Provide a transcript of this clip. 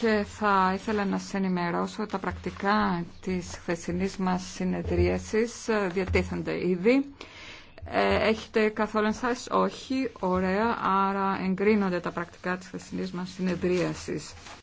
και θα ήθελα να σας ενημερώσω ότι τα πρακτικά της χθεσινής μας συνεδρίασης ε, διατίθενται ήδη. Ε, έχετε καθόλου ενστάσεις? Όχι. Ωραία. Άρα εγκρίνονται τα πρακτικά της χθεσινής μας συνεδρίασης.